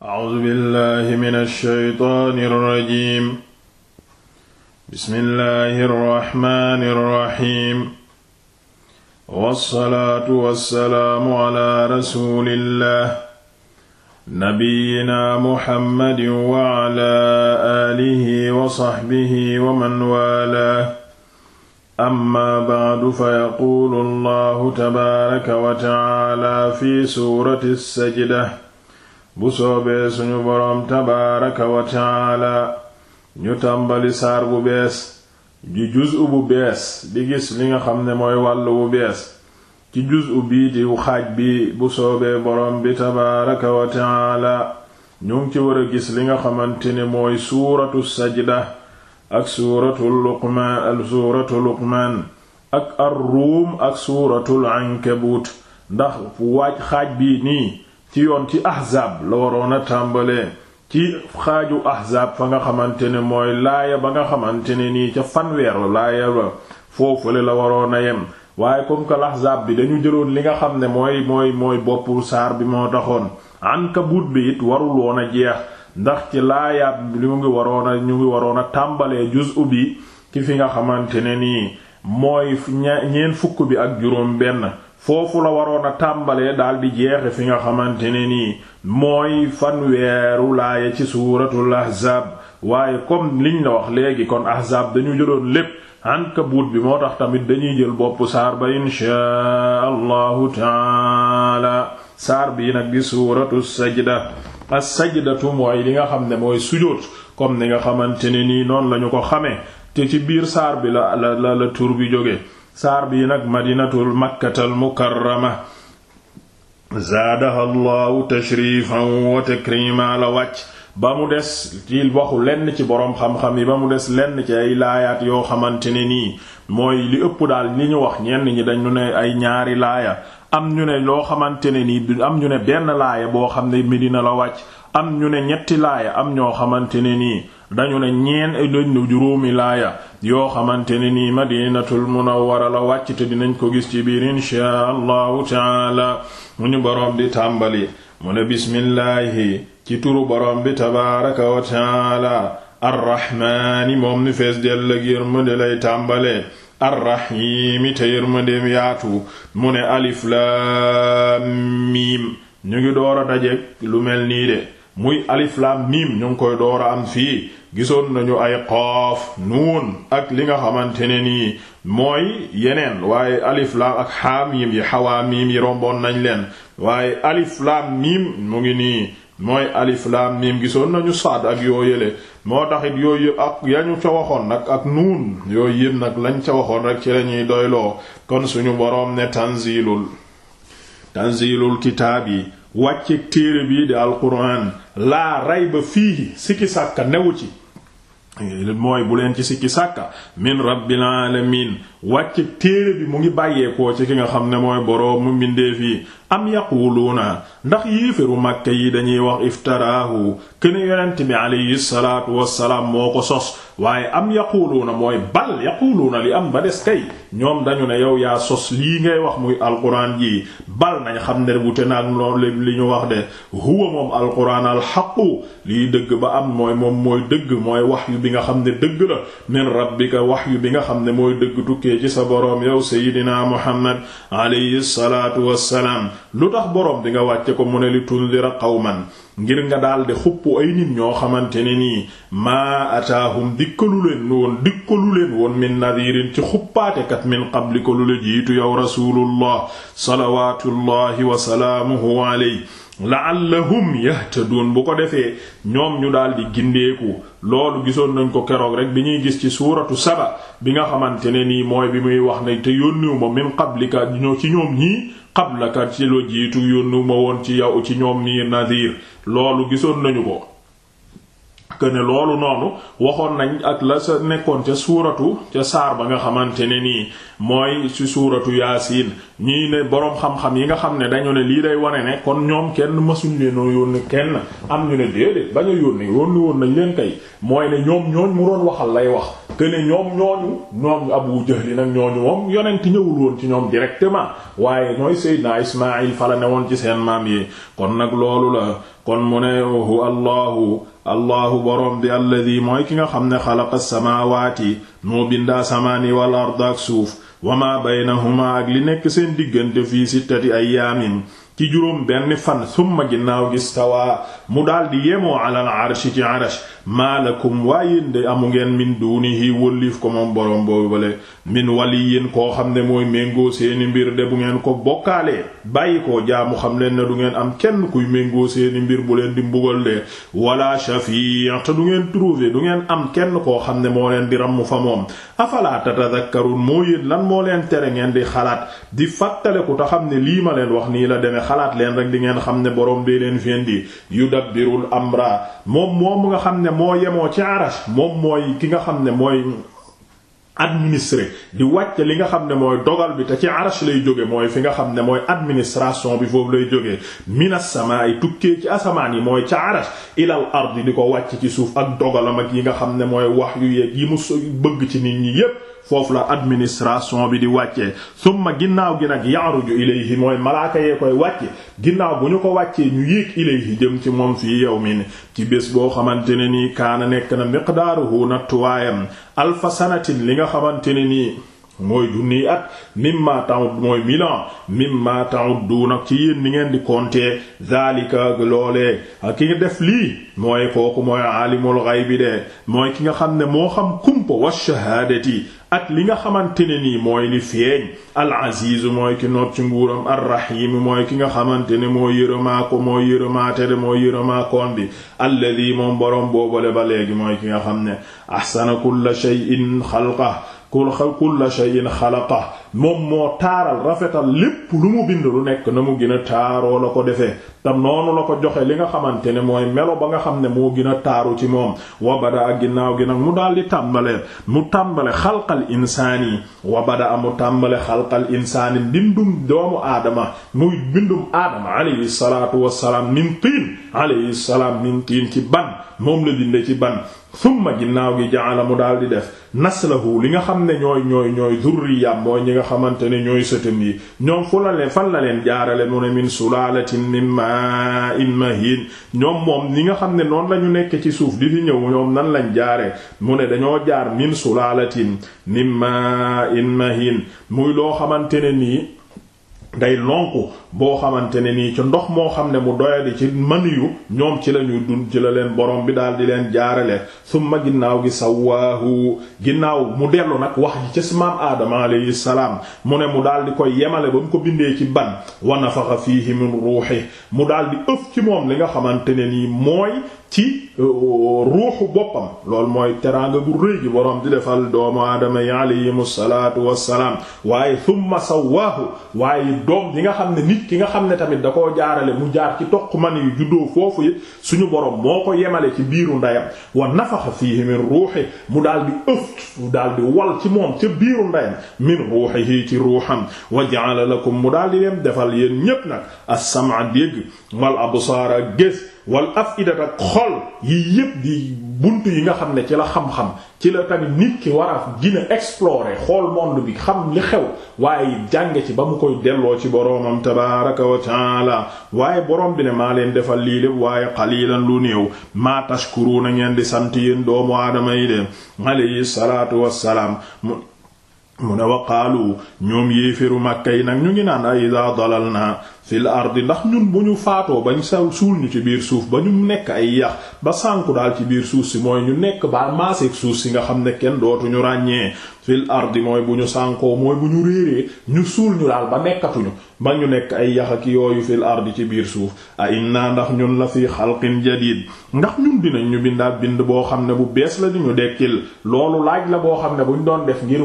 A'uuzu billaahi mina shaytaani rajiim. Bismillaahi rahmaani rahiim. Wassalaatu wassalaamu alaa rasuulillaah. Nabiyyinaa Muhammadin wa alaa aalihi wa sahbihi wa man waalaah. Amma ba'du fayaquulu Allaahu tabaaraka wa ta'aalaa fi suurati sajda. bu soobee suñu boroom tabaaraka wa ñu tàmbali saar bu bees di juzu bu bees di gis li nga xam ne mooy wàll bu bees ci juzu bii di xaaj bi bu soobee boroom bi tabaaraka wa ñu ngi ci war a gis li nga xamante ne mooy suuratu sajda ak suuratu luqmaan ak suuratu ak suuratul ankabuut ndax waaj xaaj bii nii ci yoon ci ahzaab la waroon a tàmbalee ci xaaju ahzaab fa nga xamante ne mooy laaya ba nga xamante ne nii ca fanweeru laaya ba foofule la waroon a yem waaye comme que ahzaab bi dañu jëloon li nga xam ne mooy mooy mooy boppu saar bi moo taxoon buut bi it warul a jeex ndax ci laayaat li mu waroon a ñu ngi waroon a tàmbalee juz'u ubbi ci fi nga xamante ne nii mooy ñeent fukk bi ak juróom benn foofu la waroon a tàmbalee daal di jeexe fi nga xamante ne nii mooy fanweeru laaya ci suuratul ahzaab waaye comme liñ la wax léegi kon ahzaab dañu jëloon lépp Ankabut bi moo tax tamit dañuy jël bopp saar ba inshaa allahu taala saar bii nag di suuratu sajda as-sajdatu mooy li nga xam ne mooy sujóot comme ni nga xamante ne nii noonu lañu ko xame te ci biir saar bi la la la tur bi jóge saar bii nag madinatul makkatal mukarrama zaadaha allahu tashrifan wa takrima la wàcc ba mu des ci waxu lenn ci boroom xam-xam yi ba mu des lenn ci ay laayaat yoo xamante ne nii mooy li ëpp daal li ñu wax ñenn ñi dañu ne ay ñaari laaya am ñu ne loo xamante ne nii am ñu ne benn laaya boo xam ne Medina la wàcc am ñu ne ñetti laaya am ñoo xamante ne nii dañu ne ñeen dañu juróomi laaya yoo xamante ni nii madinatul munawwara la wàcc te dinañ ko gis ci biir inchaa allahu taala mu ñu boroom di tàmbali mu ne bismillaahi ci turu boroom bi tabaaraka wa taala arrahmaani moom ni fees dell ak yërmande lay tàmbalee arrahiimi te yërmandeem yaatu mu ne alif laam miim ñu ngi lu mel nii de muy alif laam miim ñu koy door am fii gisoon nañu ay qaaf nuun ak li nga xamante ne nii mooy yeneen waaye alif laam ak xaamiim yi xawaamiim yi romboon nañ leen waaye alif laam miim mu ngi nii mooy alif laam miim gisoon nañu saad ak yoo yële moo taxit yooyu yëpp ak yañu ca waxoon nag ak nuun yooyu yëpp nag lañ ca waxoon rek ci lañuy doyloo kon suñu boroom ne tanzilul tanzilul kitaab yi wàcceeg téere bii di alquran laa rayba fiihi sikki sàkka newu ci mooy bu leen ci sikki sàkka min rabbil alamin wàcc téere bi mu ngi bàyyeekoo ci ki nga xam ne mooy boroom mu mbindeef yi am yaquluuna ndax yéeféru màkke yi dañuy wax iftaraahu këne yonent bi alayhi salaatu wassalaam moo ko sos waaye am na mooy bal na li am ba des kay ñoom dañu ne yow yaa sos lii ngay wax muy alquran ji bal nañ xam ne wute naag loolu li ñu wax de huwa moom alquran xaqu lii dëgg ba am mooy moom mooy dëgg mooy wax yu bi nga xam ne dëgg la min rabbika wax yu bi nga xam ne mooy dëgg tukki tukkee ci sa boroom yow sayidina muhammad alayhi salaatu wassalaam lu tax boroom di nga wàcce ko mu ne li tundira qawman ngir nga daldi xuppu ay nit ñoo xamante ne nii maa ataahum dikkalu leen woon dikkalu leen woon min nadirin ci xuppaatekat min qablika lu la jiitu yow rasulullah salawatullahi wa salaamuhu alayhi la'allahum yahtadun bu ko defee ñoom ñu daal di gindeeku loolu gisoon nañ ko keroog rek bi ñuy gis ci suuratu saba bi nga xamante ne nii mooy bi muy wax ne te yónniwu ma min qablika ñoo ci ñoom ñii qablaka ci lo jiitu yónniwu woon ci yow ci ñoom nii nadir loolu gisoon nañu ko que ne loolu noonu waxoon nañ ak la sa nekkoon ca suuratu ca saar ba nga xamante ne nii mooy ci suuratu yaasiin ñii ne boroom xam-xam yi nga xam ne dañu ne lii day wane ne kon ñoom kenn mësuñ leenoo yónni kenn am ñu ne déedéet ba a yónni yónni woon nañ leen kay mooy ne ñoom ñooñ mu doon waxal lay wax que ne ñoom ñooñu ñoom Abu Jahl nag ñooñu moom yonent ñëwul woon ci ñoom directement waaye ñooy Seydina Ismaïl fala ne woon ci seen maam yi kon nag loolu la kon mu ne hu allahu boroom bi alladi mooy ki nga xam ne xalaqa samaawaati moo bindaa samaani wal ard ak suuf wa ma baynahuma ak li nekk seen diggante fii sittati ayyaamin ci juróom benn fan summa ginnaaw gis stawaa mu daldi yemoo alal arshi ci arash maalakum waayen de amu ngeen min dunihi wëlliif ko moom boroom boobale min waliyin koo xam ne mooy méngoo seeni mbir de bu ngeen ko bokkaalee bàyyi koo jaamu xam leen ne du ngeen am kenn kuy méngoo seeni mbir bu leen di mbugal de wala shafi te du ngeen trouver du ngeen am kenn koo xam ne moo leen di ramm fa moom afala tatadakkarun moo yéen lan moo leen tere ngeen di xalaat di fàttaleku te xam ne lii ma leen xalaat leen rek di ngeen xam ne borom bee leen yu fendi yudabbirul amra moom moom nga xam ne moo yemoo ci arash moom mooy ki nga xam ne mooy administrer di wàcc li nga xam ne mooy dogal bi te ci arash lay jóge mooy fi nga xam ne mooy administration bi foofu lay jógee minas samaa'i tukkee ci asamaan yi mooy ca arash ilal ardi di ko wàcc ci suuf ak dogalam ak yi nga xam ne mooy wax yu yeeg yi mu bëgg ci nit ñi yépp foofu la administration bi di wàccee summa ginnaaw gi nag ya'ruju ilayhi mooy malaaka yee koy wàcce ginnaaw bu ñu ko wàccee ñu yéeg ilayhi jëm ci moom fii yawmin ci bés boo xamante ne nii kaana nekk na miqdaaruhu na tuwaayam alfa sanatin li nga xamante ne nii mooy junniy at mimma ta'ud mooy milan mimma ta'udduna ci yéen ni ngeen di compter zalika loole ak ki nga def lii mooy kooku mooy aalimul ghaybi de mooy ki nga xam ne moo xam kumpa wa shahaadati ak li nga xamante ne nii mooy li feeñ al aziz mooy ki noot ci nguuram ar rahim mooy ki nga xamante ne moo yërëmaa ko moo yërëmaate de moo yërëmaa koon bi alladi moom boroom boobale ba léegi mooy ki nga xam ne ahsana kulla shay'in xalqa kul kulla shay'in xalaqa moom moo taaral rafetal lépp lu mu bind lu nekk na mu gën a taaroo la ko defee te noonu la ko joxe li nga xamante ne mooy melo ba nga xam ne moo gën a taaru ci moom wabada ak ginnaaw gi nag mu daal di tàmbale mu tàmbale xalqal insaani wabada amu tàmbale xalqal insaani bindum doomu aadama muy bindum aadama alayhi salaatu wassalaam min tiin alayhi salaam ci ban moom la dinde ci ban summa ginnaaw gi jaala mu daal di def naslahu li nga xam ne ñooy ñooy ñooy durriyam mooy ñi nga xamante ne ñooy sëtam yi ñoom fu la leen fan la leen jaarale mu ne min sulaalatin min ma'in mahin ñoom moom li nga xam ne noonu la ñu nekk ci suuf di fi ñëw ñoom nan lañ jaare mu ne dañoo jaar min sulaalatin min ma'in mahin muy loo xamante ne nii ngay lonku boo xamante ne nii ci ndox moo xam ne mu doyadi ci maniyu ñoom ci lañuy dund ci la leen borom bi daal di leen jaarale summa ginnaaw gi sawaahu ginnaaw mu dellu nag wax ji ca maam aadama alayhi salaam mu ne mu daal di koy yemale ba mu ko bindee ci ban wa nafaxa fiihi min ruuhi mu daal di ëf ci moom li nga xamante ne nii mooy ci euh, ruuxu boppam loolu mooy teraanga bu rëy gi boroom di defal doomu aadama yi alayhimu salaatu wassalaam waaye thumma sawaahu waaye doom yi nga xam ne nit ki nga xam ne tamit da koo jaarale mu jaar ci toq man yu juddoo foofu yi suñu boroom moo ko yemale ci biiru ndeyam wa nafaxa fiihi min ruuxi mu daal di ëf mu daal di wal ci moom ca biiru ndeyam min ruuxihi ci ruuxam wa ja'ala lakum mu daal di leen defal yéen ñëpp nag as-sam'a dégg wal absaara gis wal afidat ak xol yi yépp di bunt yi nga xam ne ci la xam-xam ci la tamit nit ki war a gën a xool monde bi xam li xew waaye it jànge ci ba mu koy delloo ci boroomam tabaaraka wa taala waaye boroom bi ne maa leen defal lii lépp waaye qalilan lu néew maa na ngeen di sant yéen doomu aadama yi de alayhi wassalaam mu ne waqaalu ñoom yéeféru màkka yi nag ñu ngi naan ay ida dalal na fil ardi ndax ñun bu ñu faatoo bañ sa suul ñu ci biir suuf ba ñu nekk ay yax ba sànku daal ci biir suuf si mooy ñu nekk ba maaseeg suuf si nga xam ne kenn dootu ñu ràññee fil ardi mooy bu ñu sànkoo mooy bu ñu réeree ñu suul ñu daal ba nekkatuñu ba ñu nekk ay yax ak yooyu fil ardi ci biir suuf a naa ndax ñun la fi xalqin jadid ndax ñun dinañ ñu bindaat bind boo xam ne bu bees la di ñu dekkil loolu laaj la boo xam ne buñ doon def ngir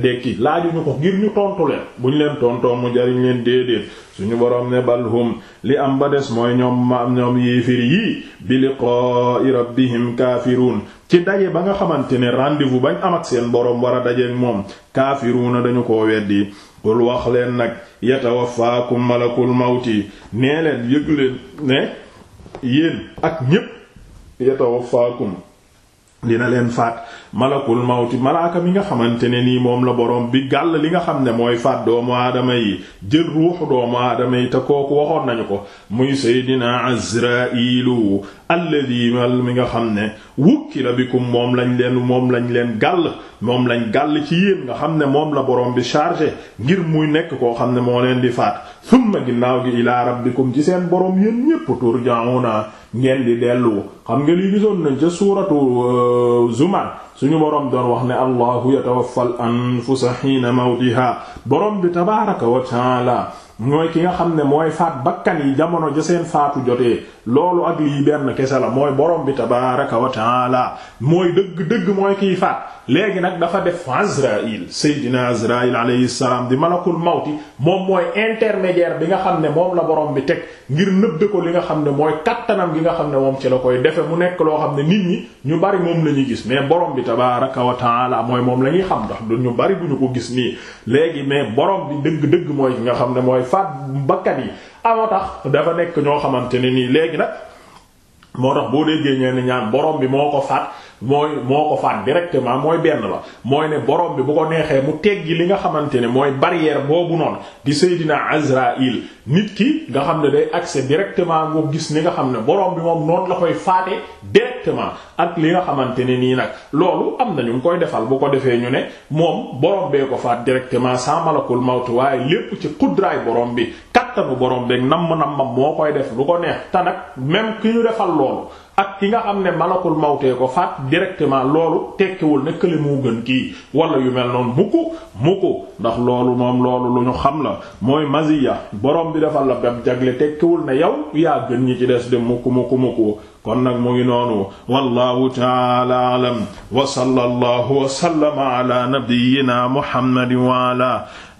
dekki laajuñu ko ngir ñu tontu leen ñu leen tontoo mu jariñ leen déedéet suñu boroom ne balhum li am ba des mooy ñoom ma am ñoom yéefir yii bi liqaa'i rabbihim kaafiruun ci daje ba nga xamante ne rendez-vous bañ am ak seen boroom war a dajeek moom kaafiruuna dañu ko weddi kul wax leen nag yatawaffaakum malakul mawti nee leen yëg leen ne yéen ak ñépp yatawaffaakum na leen faat malakul mawti malaaka mi nga xamante ne nii moom la borom bi gàll li nga xam ne mooy faat doomu aadama yi jël ruuxu doomu aadama yi te kooku waxoon nañu ko muy seydina azrailu alladi mal mi nga xam ne wukkila bikum moom lañ leen moom lañ leen gàll moom lañ gàll ci yéen nga xam ne moom la borom bi chargé ngir muy nekk koo xam ne moo leen di faat summa ginnaaw gi ilaa rabbikum ci seen borom yéen ñépp turja'una ngeen di dellu xam nga li gisoon nañ ca suuratu euh, Zumar suñu boroom doon wax ne allahu yatawaffal anfusa xiina mawtiha boroom bi tabaaraka wa taala mooy ki nga xam ne mooy faat bakkan yi jamono ja seen faatu jotee loolu ak lii benn kese la mooy boroom bi tabaaraka wa taala mooy dëgg dëgg mooy kiy faat léegi nag dafa def Azraïl seydina Azraïl alayhi salaam di malakul mawti moom mooy intermédiaire bi nga xam ne moom la boroom bi teg ngir nëbde ko li nga xam ne mooy kattanam gi nga xam ne moom ci la koy defe mu nekk loo xam ne nit ñi ñu bi tabaaraka wa mooy moom la ñuy xam ndax du ñu bari du ñu ko gis nii léegi mais borom bi dëgg-dëgg mooy ki nga xam ne mooy faat bakkat yi amoo tax dafa nekk ñoo xamante ne nii léegi nag moo tax boo déggee ñeen ñaan borom bi moo ko faat mooy moo ko faat directement mooy benn la mooy ne boroom bi bu ko neexee mu teggi li nga xamante ne mooy barrière boobu noonu di Seydina Azraïl nit ki nga xam ne day accès directement nga gis ni nga xam ne borom bi moom noonu la koy faate directement ak li nga xamante ne nii nag loolu am na ñu ngi koy defal bu ko defee ñu ne moom borom bee ko faat directement sans malakul mawtu waaye lépp ci xudraay borom bi kàttanu borom beeg namm-nammam moo koy def lu ko neex te nag même ki ñu defal loolu ak ki nga xam ne malakul mawtee ko faat directement loolu tekkiwul ne kële moo gën kii wala yu mel noonu mukku mukku ndax loolu moom loolu lu ñu xam la mooy maziya borom bi defal la bam jagle tekkiwul ne yow yaa gën ñi ci des de mukku mukku mukku kon nag mu ngi noonu wallahu ta'ala a'lam wa sallallahu wa sallama ala nabiyyina muhammadin wa ala